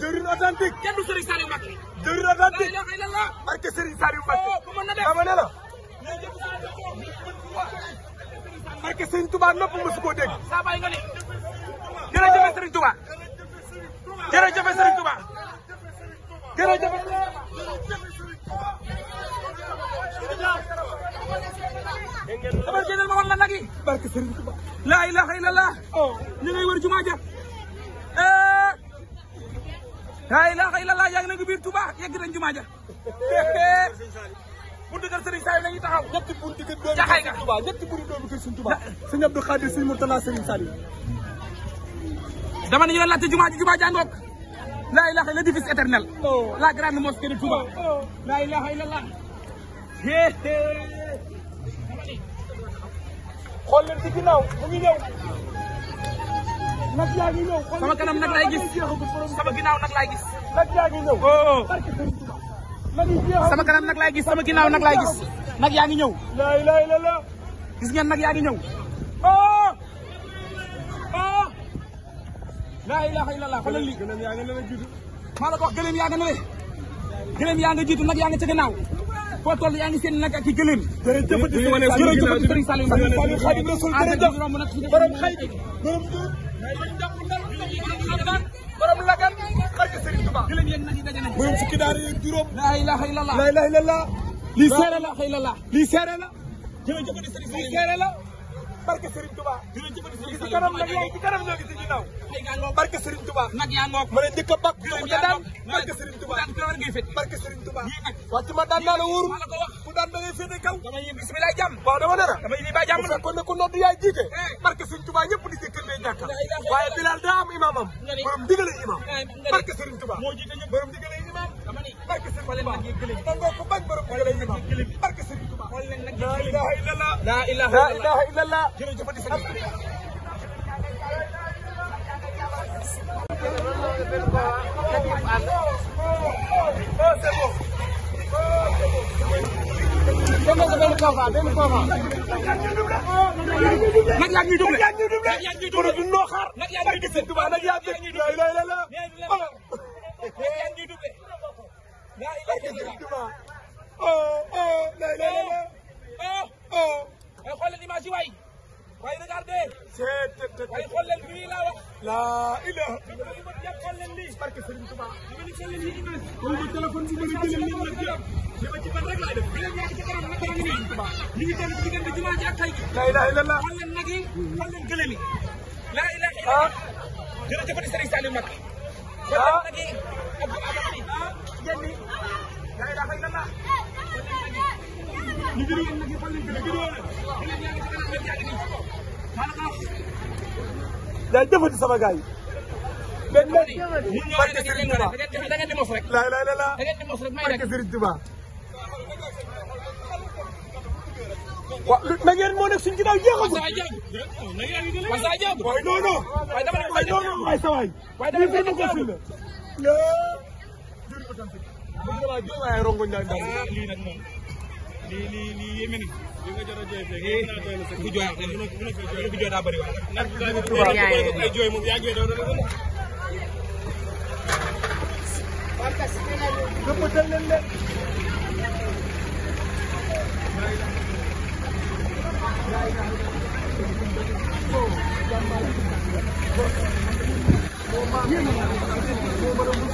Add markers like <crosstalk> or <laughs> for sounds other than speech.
jëriñ authentique kenn du Serigne Saliou Mbacké jëriñ authentique la ilaha illallah barke Serigne Saliou oh, Mbacké ku mën na def dama ne la barke Serigne Touba nopp mësu koo dégg saa bàyyi nga ne jërëjëf Serigne Touba jërëjëf Serigne Touba jërëjëf Serigne Touba barke Serigne Touba la ilaha illallah ñu oh, ngay wër jumaa ja laa ilaaha illallaah yaa ngi nekk biir Touba yegg nañ jumaa ja <laughs> buntu kër Serigne Saliou lañuy taxaw ñetti buntu kër doomu jaxay nga Touba ñetti buntu doomu kër Serigne Touba Serigne Abdou Khadir Serigne Mourtala Serigne Saliou dama ne ñu doon laajte jumaa ji jumaa jàngook laa ilaaha illallaah l'édifice éternel oh. la grande mosquée de Touba oh, oh. laa ilaaha illallaah xool leen ci ginnaaw mu ngi ñëw sama kanam nag laay gis sama ginnaaw nag laay gis. oh. sama kanam nag laay gis sama ginnaaw nag laay gis nag yaa ngi ñëw. gis ngeen nag yaa ngi ñëw. oh. oh. laa ilaaha illallaah xoolal lii. maa la ko wax gëléem yaa nga nële. gëléem yaa nga jiitu nag yaa nga ca gannaaw. foo toll yaa ngi seen nag ak i gëléem. jërëjëf jërëjëf Sëriñ Saliou Mbacké Saliou Xaadim Rasuul jërëjëf borom xay borom borom lagan xarga Serigne Touba borom fukki daara yeeg juróom la ilaha illallah la ilaha illallah lii seere la lii seere la lii seere la barke Serigne Touba ngi ci kanam nag yaa ngi ci kanam ñoo ngi ci ginnaaw barke Serigne Touba nag yaa ngoog ma ne njëkk a bàq ku ca daan barke Serigne Touba barke Serigne Touba wàcc ma daan naa la wóoru ku daan da ngay féete kaw bismillah jàmm waaw dama ne la dama yéene ba jàmm nag kon ne ku nodd yaay jiite barke Serigne Touba ñëpp di jàkka waaye Bilal daa am imaamam borom digale imaam barke Serigne Touba borom digale imaam barke Serigne Touba nangoo ko bañ borom digale imaam barke Serigne Touba laa ilaha illallah laa ilaha illallah jërëjëfati sa Thank you. nga benn combat benn combat. nag yaa ngi ñuy doublé nag yaa ngi ñuy doublé. kon noo xaar nag yaa ngi ñuy doublé tubaab nag yaa ngi ñuy doublé. la la la oh oh la la la oh oh. xool leen image yi waay waay regardez. waay xool leen bii laa wax. laa ilaha barke Serigne Touba ma téléphone bi ma jëlee nii nag jël li ma ci ban rek laay def bi leen yàgg ci kanam nag ñu ngi Touba ñu ngi dem ci diggante jumaa ji ak kay gi laa ilaha illallah xal leen nag yi xal leen gëlëm yi laa ilaha illallah jërëjëfati Serigne Saliou Mbacké xal leen nag yi ak abaani jenni laa ilaha illallah ñu ngi leen nag yi xal leen gëlëm day jëfati sama gars yi. mais moo di. ñu ñëw rek da ngeen di mos da ngeen di mos rek. laay laay laay da ngeen di mos rek may rek. Serigne Touba. waaw na ngeen moo nekk suñu ginnaaw jeexagul. waaw saa jaagul. waaw non non. waaye dama ne waaye non non waaye sa waay. waaye dama ne ko si la. lii. waaye rongoñ ah, naa lii lii lii yéeme na li ini jot a jooy fee ngeen naa doy la sa ku jooy ak ini ko mënu ko jooy daa bëri wala ndax daa ngi tuba ko ay jooy moom yaa ngi doon doon Fantas kena lu ko dal len len Oh,